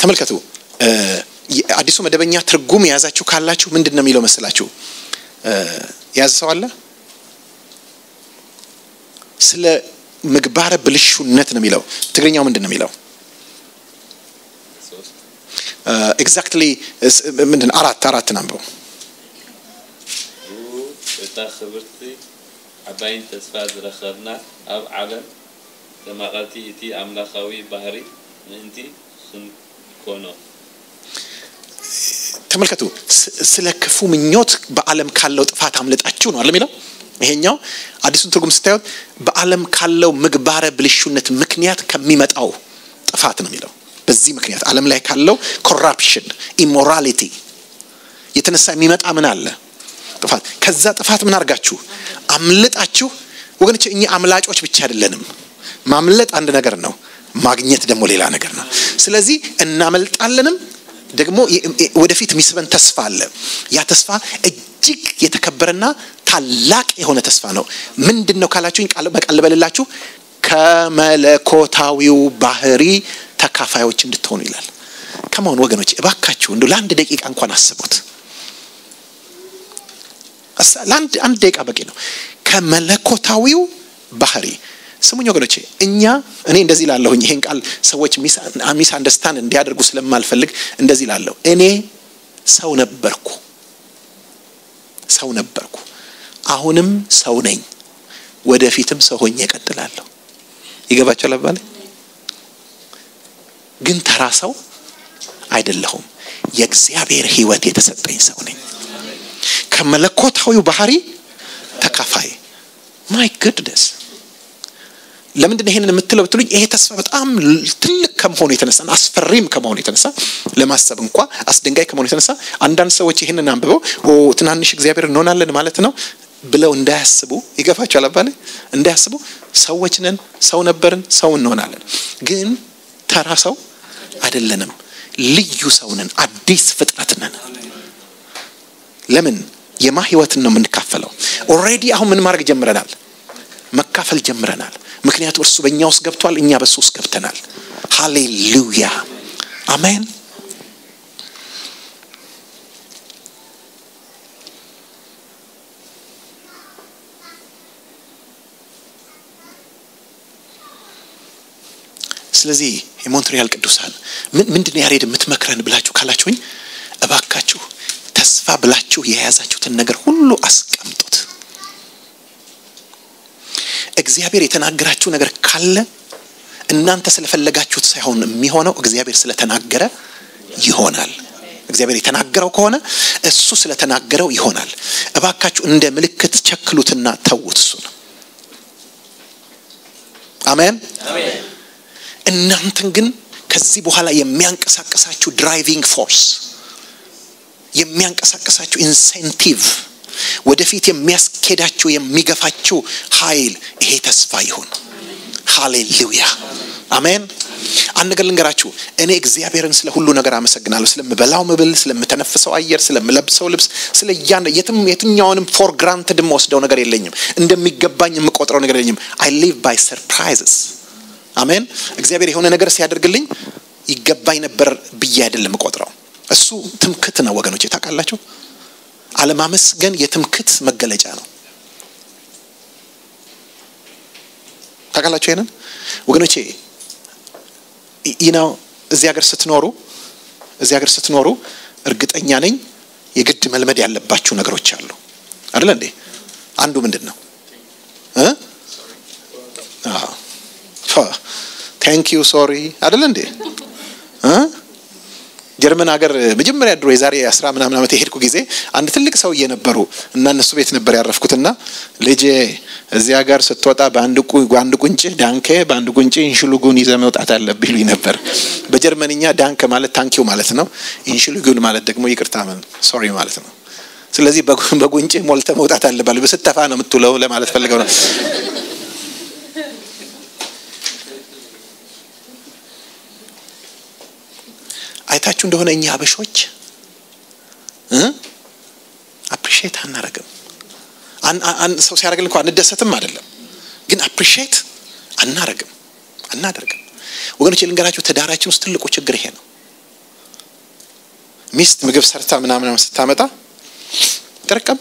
ተመልከቱ። አዲሱ መደበኛ ትርጉም የያዛችሁ ካላችሁ ምንድን ነው የሚለው መስላችሁ የያዘ ሰው አለ። ስለ ምግባረ ብልሹነት ነው የሚለው። ትግርኛው ምንድን ነው የሚለው? ኤግዛክትሊ ምንድን አራት አራት ናንበው እታ ክብርቲ ዓባይን ተስፋ ዝረኸብና ኣብ ዓለም ተማቐልቲ እቲ ኣምላኻዊ ባህሪ ምእንቲ እኮ ነው። ተመልከቱ፣ ስለ ክፉ ምኞት በአለም ካለው ጥፋት አምልጣችሁ ነው አለሚለው ይሄኛው አዲሱን ትርጉም ስታዩት በአለም ካለው ምግባረ ብልሹነት ምክንያት ከሚመጣው ጥፋት ነው የሚለው። በዚህ ምክንያት ዓለም ላይ ካለው ኮራፕሽን ኢሞራሊቲ የተነሳ የሚመጣ ምን አለ ጥፋት። ከዛ ጥፋት ምን አድርጋችሁ አምልጣችሁ ወገኖች፣ እኛ አምላጮች ብቻ አይደለንም። ማምለጥ አንድ ነገር ነው። ማግኘት ደግሞ ሌላ ነገር ነው። ስለዚህ እናመልጣለንም ደግሞ ወደፊት የሚስበን ተስፋ አለ። ያ ተስፋ እጅግ የተከበረና ታላቅ የሆነ ተስፋ ነው። ምንድን ነው ካላችሁኝ፣ በቃል ልበልላችሁ፣ ከመለኮታዊው ባህሪ ተካፋዮች እንድትሆኑ ይላል። ከመሆን ወገኖች እባካችሁ እንዱ ለአንድ ደቂቃ እንኳን አስቡት። ለአንድ አንድ ደቂቃ በቂ ነው። ከመለኮታዊው ባህሪ ስሙኝ ወገኖቼ፣ እኛ እኔ እንደዚህ ላለሁኝ ይሄን ቃል ሰዎች ሚስ አንደርስታንድ እንዲያደርጉ ስለማልፈልግ እንደዚህ ላለሁ እኔ ሰው ነበርኩ፣ ሰው ነበርኩ፣ አሁንም ሰው ነኝ፣ ወደፊትም ሰው ሆኜ እቀጥላለሁ። ይገባቸዋል አባባሌ? ግን ተራ ሰው አይደለሁም። የእግዚአብሔር ህይወት የተሰጠኝ ሰው ነኝ። ከመለኮታዊው ባህሪ ተካፋይ ማይ ጉድነስ ለምንድን ይሄንን የምትለው ብትሉኝ፣ ይሄ ተስፋ በጣም ትልቅ ከመሆኑ የተነሳ አስፈሪም ከመሆኑ የተነሳ ለማሰብ እንኳ አስደንጋይ ከመሆኑ የተነሳ አንዳንድ ሰዎች ይህንን አንብበው ትናንሽ እግዚአብሔር እንሆናለን ማለት ነው ብለው እንዳያስቡ ይገፋቸው አላባለ እንዳያስቡ ሰዎች ነን፣ ሰው ነበርን፣ ሰው እንሆናለን። ግን ተራ ሰው አይደለንም። ልዩ ሰው ነን፣ አዲስ ፍጥረት ነን። ለምን የማ ህይወትን ነው የምንካፈለው? ኦልሬዲ አሁን ምን ማድረግ ጀምረናል? መካፈል ጀምረናል። ምክንያቱም እርሱ በእኛ ውስጥ ገብቷል፣ እኛ በሱ ውስጥ ገብተናል። ሃሌሉያ አሜን። ስለዚህ የሞንትሪያል ቅዱሳን ምንድን ያሬድ የምትመክረን ብላችሁ ካላችሁኝ እባካችሁ ተስፋ ብላችሁ የያዛችሁትን ነገር ሁሉ አስቀምጡት። እግዚአብሔር የተናገራችሁ ነገር ካለ እናንተ ስለፈለጋችሁት ሳይሆን የሚሆነው እግዚአብሔር ስለተናገረ ይሆናል። እግዚአብሔር የተናገረው ከሆነ እሱ ስለተናገረው ይሆናል። እባካችሁ እንደ ምልክት ቸክሉትና ተዉት። እሱ ነው። አሜን። እናንተን ግን ከዚህ በኋላ የሚያንቀሳቀሳችሁ ድራይቪንግ ፎርስ የሚያንቀሳቀሳችሁ ኢንሴንቲቭ ወደፊት የሚያስኬዳችሁ የሚገፋችሁ ኃይል ይሄ ተስፋ ይሁን። ሃሌሉያ አሜን። አንድ ነገር ልንገራችሁ። እኔ እግዚአብሔርን ስለ ሁሉ ነገር አመሰግናለሁ። ስለምበላው ምብል ስለምተነፍሰው አየር፣ ስለምለብሰው ልብስ፣ ስለ የትም የትኛውንም ፎር ግራንትድ የምወስደው ነገር የለኝም። እንደሚገባኝ የምቆጥረው ነገር የለኝም። አይ ሊቭ ባይ ሰርፕራይዝስ አሜን። እግዚአብሔር የሆነ ነገር ሲያደርግልኝ ይገባኝ ነበር ብዬ አይደለም የምቆጥረው። እሱ ትምክት ነው ወገኖች፣ ታውቃላችሁ። አለማመስገን የትምክት መገለጫ ነው። ታውቃላችሁ ይሄንን ወገኖቼ ይነው እዚህ ሀገር ስትኖሩ እዚህ ሀገር ስትኖሩ እርግጠኛ ነኝ የግድ መልመድ ያለባችሁ ነገሮች አሉ አደለ እንዴ አንዱ ምንድን ነው ቴንክ ዩ ሶሪ አደለ እንዴ ጀርመን ሀገር መጀመሪያ ድሮ የዛሬ አስራ ምናምን ዓመት የሄድኩ ጊዜ አንድ ትልቅ ሰው እየነበሩ እና እነሱ ቤት ነበር ያረፍኩትና ልጄ እዚያ ጋር ስትወጣ በአንድ አንድ ቁንጭ ዳንኬ በአንድ ቁንጭ ኢንሽሉጉን ይዘ መውጣት አለብህ ይሉኝ ነበር። በጀርመንኛ ዳንከ ማለት ታንኪው ማለት ነው። ኢንሽሉጉን ማለት ደግሞ ይቅርታ ሶሪ ማለት ነው። ስለዚህ በጉንጭ ሞልተ መውጣት አለባል። በስተፋ ነው የምትውለው ለማለት ፈልገው ነው። አይታችሁ እንደሆነ እኛ አበሾች አፕሪሺየት አናረግም። ሰው ሲያደርግልን እንኳ አንደሰትም አይደለም፣ ግን አፕሪሺየት አናረግም አናደርግም። ወገኖች ልንገራችሁ፣ ትዳራችን ውስጥ ትልቁ ችግር ይሄ ነው። ሚስት ምግብ ሰርታ ምናምን ስታመጣ ጥርቅም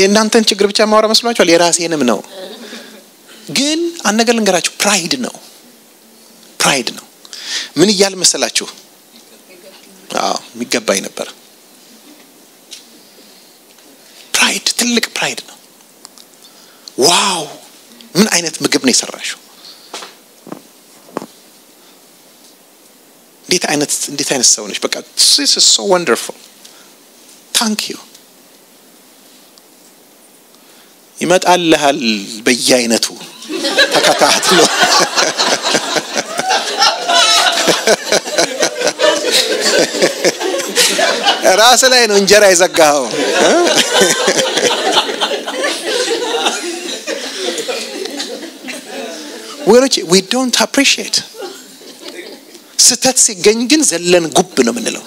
የእናንተን ችግር ብቻ ማወራ መስሏቸኋል የራሴንም ነው። ግን አንድ ነገር ልንገራችሁ፣ ፕራይድ ነው። ፕራይድ ነው። ምን እያል መሰላችሁ? የሚገባኝ ነበር። ፕራይድ፣ ትልቅ ፕራይድ ነው። ዋው ምን አይነት ምግብ ነው የሰራሹ እንዴት አይነት እንዴት አይነት ሰው ነች? በቃ ስ ሶ ወንደርፉል ታንክ ዩ ይመጣልሃል በየአይነቱ ተከታትሎ ራስ ላይ ነው እንጀራ የዘጋኸው ወገኖች ዊ ዶንት አፕሪሺየት ስህተት ሲገኝ ግን ዘለን ጉብ ነው የምንለው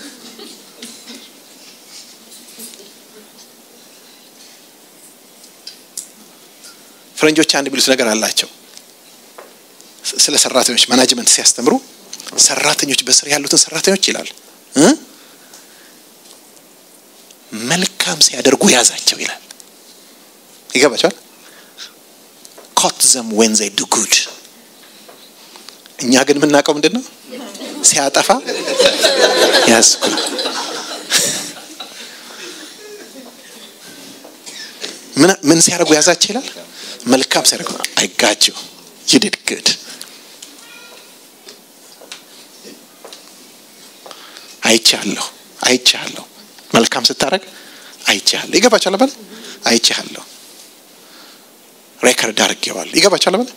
ፈረንጆች አንድ የሚሉት ነገር አላቸው። ስለ ሰራተኞች ማናጅመንት ሲያስተምሩ ሰራተኞች በስር ያሉትን ሰራተኞች ይላል መልካም ሲያደርጉ ያዛቸው ይላል። ይገባቸዋል። ኮት ዘም ዘይ ዱ ጉድ። እኛ ግን የምናውቀው ምንድን ነው? ሲያጠፋ ያዝኩ። ምን ሲያደርጉ ያዛቸው ይላል መልካም ሲያደርግ አይ ጋት ዩ ዩ አይቻለሁ አይቻለሁ መልካም ስታደረግ አይቻለሁ ይገባቻል በል አይቻለሁ ሬከርድ አርጌዋል ይገባቻል በል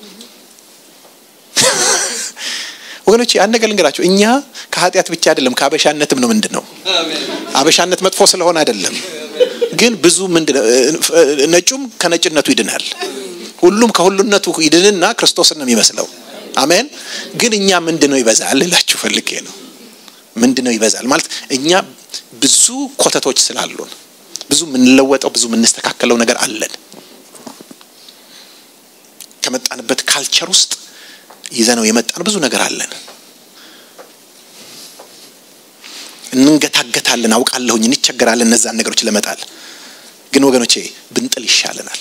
ወገኖች አንድ ነገር ልንገራቸው እኛ ከኃጢአት ብቻ አይደለም ከአበሻነትም ነው ምንድን ነው አበሻነት መጥፎ ስለሆነ አይደለም ግን ብዙ ምንድነው ነጩም ከነጭነቱ ይድናል ሁሉም ከሁሉነቱ ይድንና ክርስቶስን ነው የሚመስለው። አሜን። ግን እኛ ምንድነው ይበዛል ልላችሁ ፈልጌ ነው። ምንድነው ይበዛል ማለት እኛ ብዙ ኮተቶች ስላሉን ብዙ የምንለወጠው ብዙ የምንስተካከለው ነገር አለን። ከመጣንበት ካልቸር ውስጥ ይዘነው የመጣን ብዙ ነገር አለን። እንንገታገታለን፣ አውቃለሁኝ፣ እንቸገራለን እነዛን ነገሮች ለመጣል ግን ወገኖቼ ብንጥል ይሻለናል።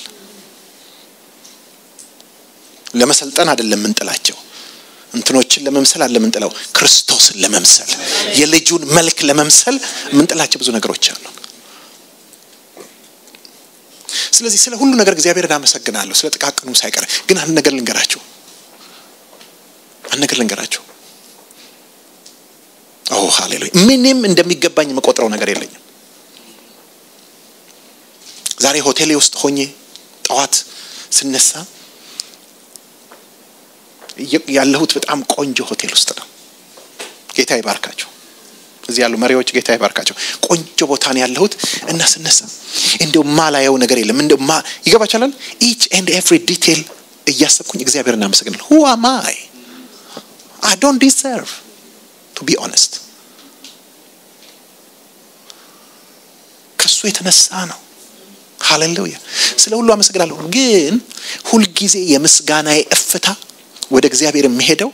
ለመሰልጠን አይደለም የምንጥላቸው እንትኖችን ለመምሰል አለ ምንጥለው ክርስቶስን ለመምሰል የልጁን መልክ ለመምሰል ምንጥላቸው ብዙ ነገሮች አሉ ስለዚህ ስለ ሁሉ ነገር እግዚአብሔርን አመሰግናለሁ ስለ ጥቃቅኑ ሳይቀር ግን አንድ ነገር ልንገራችሁ አንድ ነገር ልንገራችሁ ኦ ሃሌሉያ ምንም እንደሚገባኝ የምቆጥረው ነገር የለኝም ዛሬ ሆቴሌ ውስጥ ሆኜ ጠዋት ስነሳ ያለሁት በጣም ቆንጆ ሆቴል ውስጥ ነው። ጌታ ይባርካቸው። እዚህ ያሉ መሪዎች ጌታ ይባርካቸው። ቆንጆ ቦታ ነው ያለሁት እና ስነሳ እንደው ማላየው ነገር የለም። እንደው ማ ይገባቻለን ኢች ኤንድ ኤቭሪ ዲቴል እያሰብኩኝ እግዚአብሔርን አመሰግናል። ሁ አም አይ አይ ዶንት ዲዘርቭ ቱ ቢ ኦነስት። ከእሱ የተነሳ ነው። ሃሌሉያ። ስለ ሁሉ አመሰግናለሁ። ግን ሁልጊዜ የምስጋናዬ እፍታ ወደ እግዚአብሔር የሚሄደው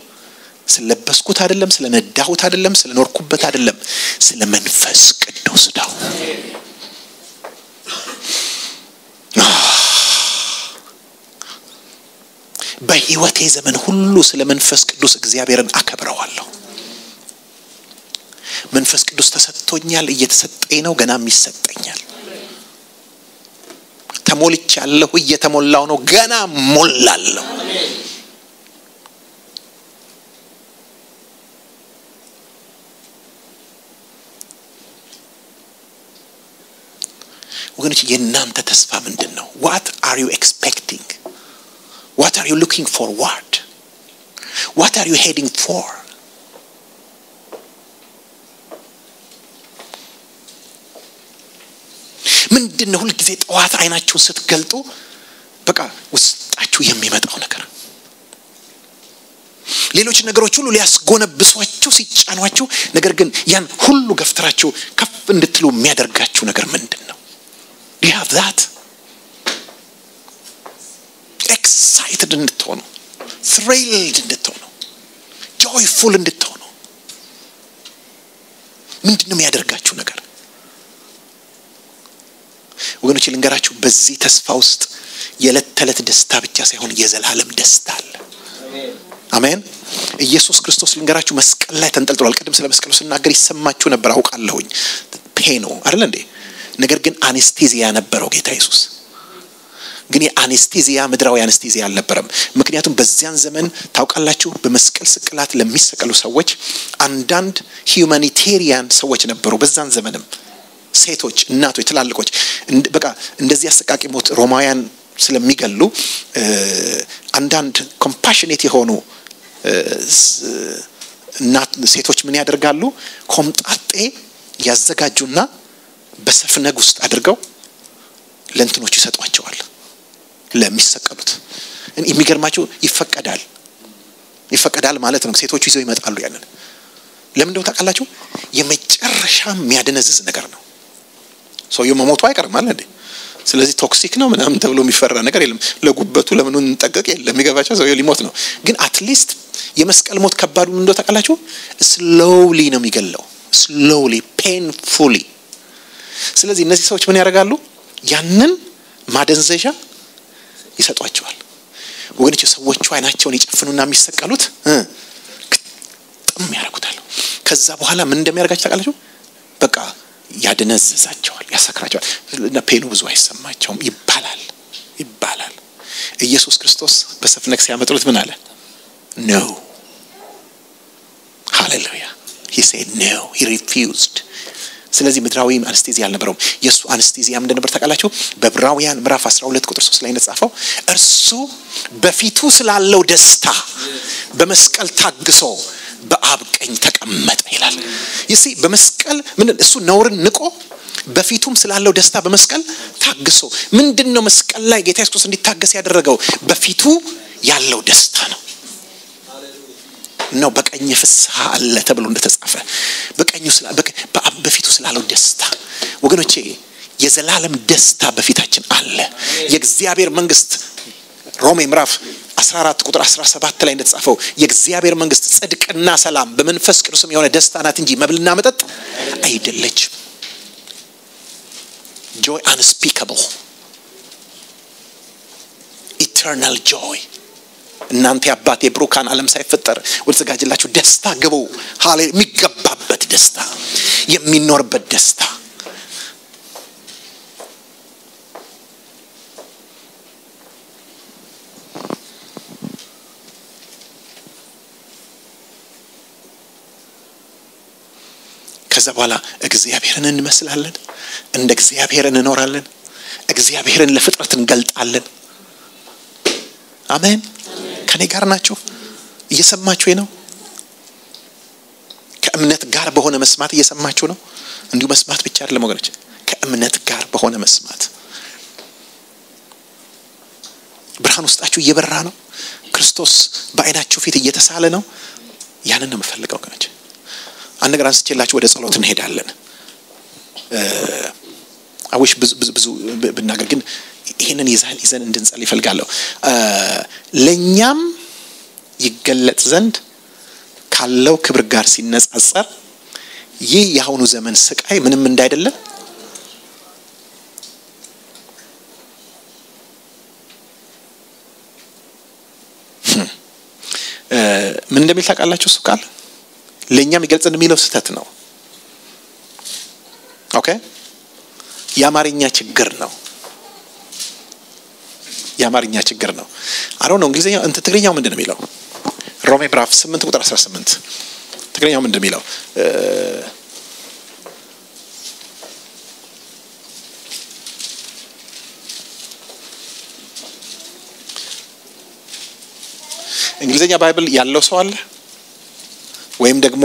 ስለለበስኩት አይደለም፣ ስለነዳሁት አይደለም፣ ስለኖርኩበት አይደለም፣ ስለ መንፈስ ቅዱስ ነው። በህይወቴ ዘመን ሁሉ ስለ መንፈስ ቅዱስ እግዚአብሔርን አከብረዋለሁ። መንፈስ ቅዱስ ተሰጥቶኛል፣ እየተሰጠኝ ነው፣ ገናም ይሰጠኛል። ተሞልቻለሁ፣ እየተሞላው ነው፣ ገና ሞላለሁ። ወገኖች የእናንተ ተስፋ ምንድን ነው? ዋት አር ዩ ኤክስፔክቲንግ ዋት አር ዩ ሉኪንግ ፎርዋርድ ዋት አር ዩ ሄዲንግ ፎር ምንድን ነው ሁልጊዜ ጠዋት አይናችሁን ስትገልጡ በቃ ውስጣችሁ የሚመጣው ነገር ሌሎች ነገሮች ሁሉ ሊያስጎነብሷችሁ ሲጫኗችሁ ነገር ግን ያን ሁሉ ገፍትራችሁ ከፍ እንድትሉ የሚያደርጋችሁ ነገር ምንድን ነው Do you have ኤክሳይትድ እንድትሆኑ፣ ትሪልድ እንድትሆኑ፣ ጆይፉል እንድትሆኑ ምንድን ነው የሚያደርጋችሁ ነገር? ወገኖች ልንገራችሁ፣ በዚህ ተስፋ ውስጥ የዕለት ተዕለት ደስታ ብቻ ሳይሆን የዘላለም ደስታ አለ። አሜን። ኢየሱስ ክርስቶስ ልንገራችሁ መስቀል ላይ ተንጠልጥሏል። ቅድም ስለ መስቀሉ ስናገር ይሰማችሁ ነበር አውቃለሁኝ። ፔኑ አይደል እንዴ? ነገር ግን አኔስቴዚያ ነበረው ጌታ ኢየሱስ። ግን የአኔስቴዚያ ምድራዊ አኔስቴዚያ አልነበረም። ምክንያቱም በዚያን ዘመን ታውቃላችሁ፣ በመስቀል ስቅላት ለሚሰቀሉ ሰዎች አንዳንድ ሂዩማኒቴሪያን ሰዎች ነበሩ። በዛን ዘመንም ሴቶች፣ እናቶች፣ ትላልቆች በቃ እንደዚህ አሰቃቂ ሞት ሮማውያን ስለሚገሉ አንዳንድ ኮምፓሽኔት የሆኑ እናት ሴቶች ምን ያደርጋሉ? ኮምጣጤ ያዘጋጁና በሰፍነግ ውስጥ አድርገው ለእንትኖች ይሰጧቸዋል ለሚሰቀሉት የሚገርማቸው ይፈቀዳል ይፈቀዳል ማለት ነው ሴቶቹ ይዘው ይመጣሉ ያንን ለምን ታቃላችሁ የመጨረሻ የሚያደነዝዝ ነገር ነው ሰውየው መሞቱ አይቀርም አለ እንዴ ስለዚህ ቶክሲክ ነው ምናምን ተብሎ የሚፈራ ነገር የለም ለጉበቱ ለምኑ እንጠቀቅ የለም የሚገባቸው ሰውየው ሊሞት ነው ግን አትሊስት የመስቀል ሞት ከባዱ እንደው ታቃላችሁ ስሎውሊ ነው የሚገለው ስሎውሊ ፔንፉሊ ስለዚህ እነዚህ ሰዎች ምን ያደርጋሉ? ያንን ማደንዘዣ ይሰጧቸዋል። ወገኖች ሰዎቹ አይናቸውን ይጨፍኑና የሚሰቀሉት ጥም ያደርጉታል። ከዛ በኋላ ምን እንደሚያደርጋቸው ታውቃላችሁ? በቃ ያደነዘዛቸዋል ያሰክራቸዋል እና ፔኑ ብዙ አይሰማቸውም ይባላል ይባላል። ኢየሱስ ክርስቶስ በሰፍነክ ሲያመጥሉት ምን አለ? ነው ሃሌሉያ ሂ ሴድ ነው ሂ ሪፊውዝድ ስለዚህ ምድራዊ አንስቴዚያ አልነበረውም። የእሱ አንስቴዚያ እንደነበር ታውቃላችሁ። በብራውያን ምዕራፍ 12 ቁጥር 3 ላይ እንደተጻፈው እርሱ በፊቱ ስላለው ደስታ በመስቀል ታግሶ በአብ ቀኝ ተቀመጠ ይላል። ይሲ በመስቀል ምንድን እሱ ነውርን ንቆ በፊቱም ስላለው ደስታ በመስቀል ታግሶ ምንድን ነው መስቀል ላይ ጌታ ኢየሱስ እንዲታገስ ያደረገው በፊቱ ያለው ደስታ ነው። ነው በቀኝ ፍስሐ አለ ተብሎ እንደተጻፈ በቀኙ በፊቱ ስላለው ደስታ ወገኖቼ የዘላለም ደስታ በፊታችን አለ። የእግዚአብሔር መንግስት ሮሜ ምራፍ 14 ቁጥር 17 ላይ እንደተጻፈው የእግዚአብሔር መንግስት ጽድቅና ሰላም በመንፈስ ቅዱስም የሆነ ደስታ ናት እንጂ መብልና መጠጥ አይደለች ጆይ አንስፒካብል ኢተርናል ጆይ እናንተ የአባቴ ብሩካን ዓለም ሳይፈጠር ወደ ደስታ ግቡ። ሀሌ የሚገባበት ደስታ፣ የሚኖርበት ደስታ ከዛ በኋላ እግዚአብሔርን እንመስላለን፣ እንደ እግዚአብሔር እንኖራለን፣ እግዚአብሔርን ለፍጥረት እንገልጣለን። አሜን። ከኔ ጋር ናችሁ? እየሰማችሁ ነው? ከእምነት ጋር በሆነ መስማት እየሰማችሁ ነው? እንዲሁ መስማት ብቻ አይደለም ወገኖች፣ ከእምነት ጋር በሆነ መስማት ብርሃን ውስጣችሁ እየበራ ነው። ክርስቶስ በአይናችሁ ፊት እየተሳለ ነው። ያንን ነው የምፈልገው ወገኖች። አንድ ነገር አንስቼላችሁ ወደ ጸሎት እንሄዳለን። አዊሽ ብዙ ብናገር ግን ይሄንን ይዛል ይዘን እንድንጸል ይፈልጋለሁ። ለእኛም ይገለጥ ዘንድ ካለው ክብር ጋር ሲነጻጸር ይህ የአሁኑ ዘመን ስቃይ ምንም እንዳይደለም ምን እንደሚል ታውቃላችሁ? እሱ ቃል ለእኛም ይገልጽ የሚለው ስህተት ነው። ኦኬ የአማርኛ ችግር ነው። የአማርኛ ችግር ነው። አሮ ነው እንግሊዝኛ እንት ትግርኛው ምንድን ነው የሚለው? ሮሜ ብራፍ 8 ቁጥር 18 ትግርኛው ምንድን ነው የሚለው? እንግሊዝኛ ባይብል ያለው ሰው አለ ወይም ደግሞ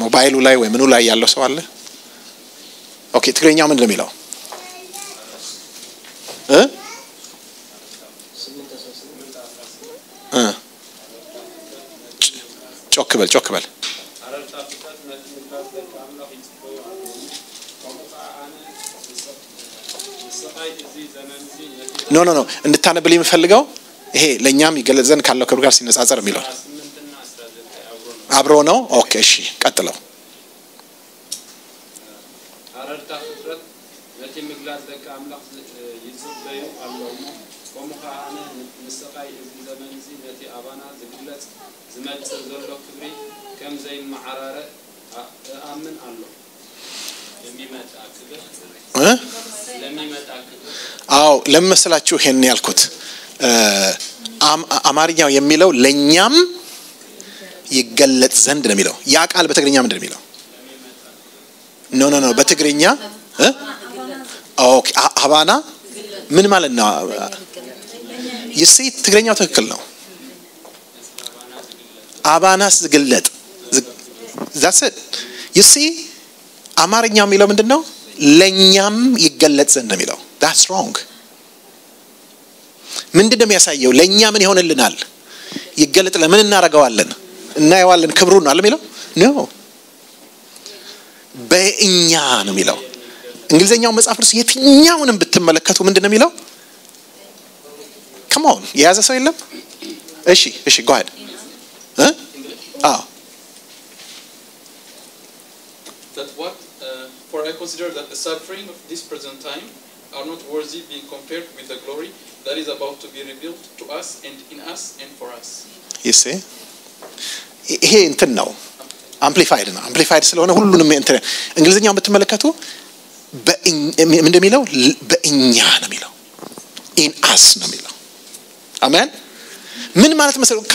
ሞባይሉ ላይ ወይ ምኑ ላይ ያለው ሰው አለ ኦኬ ትግረኛ ምን ለሚለው እ ጮክ በል ጮክ በል ኖ ኖ ኖ እንድታነብል የምፈልገው ይሄ ለእኛም ይገለጽ ዘንድ ካለው ክብር ጋር ሲነጻጸር የሚለው አብሮ ነው። ኦኬ እሺ፣ ቀጥለው ፍጥረታት ፍጥረት ነቲ ምግላፅ ደቂ ኣምላኽ ይፅበዩ ከምኡ ከዓ ኣነ ምስቃይ እዚ ዘመን እዚ ነቲ ኣባና ዝግለፅ ዝመፅእ ዘሎ ክብሪ ኣሎ አዎ ለመሰላችሁ ይሄን ያልኩት አማርኛው የሚለው ለእኛም ይገለጥ ዘንድ ነው የሚለው ያ ቃል በትግርኛ ምንድን የሚለው ኖ ኖ ኖ በትግርኛ ኦኬ አባና ምን ማለት ነው? የሴት ትግርኛው ትክክል ነው። አባናስ ዝግለጥ ዛስድ ይሲ አማርኛ የሚለው ምንድን ነው? ለእኛም ይገለጥ ዘንድ የሚለው ዳትስ ሮንግ። ምንድን ነው የሚያሳየው? ለእኛ ምን ይሆንልናል? ይገለጥ ለምን እናደርገዋለን? እናየዋለን፣ ክብሩን አለ የሚለው ነው። በእኛ ነው የሚለው። እንግሊዝኛው መጽሐፍ ቅዱስ የትኛውንም ብትመለከቱ ምንድን ነው የሚለው? ከመሆን የያዘ ሰው የለም። እሺ፣ እሺ፣ ጓድ አዎ For I consider that the suffering of this present time are not worthy being compared with the glory that is about to be revealed to us and in us and for us. You see? ይሄ እንትን ነው አምፕሊፋይድ ነው። አምፕሊፋይድ ስለሆነ ሁሉንም እንትን እንግሊዝኛውን ብትመለከቱ እንደሚለው በእኛ ነው የሚለው ኢን አስ ነው የሚለው አሜን። ምን ማለት መሰለው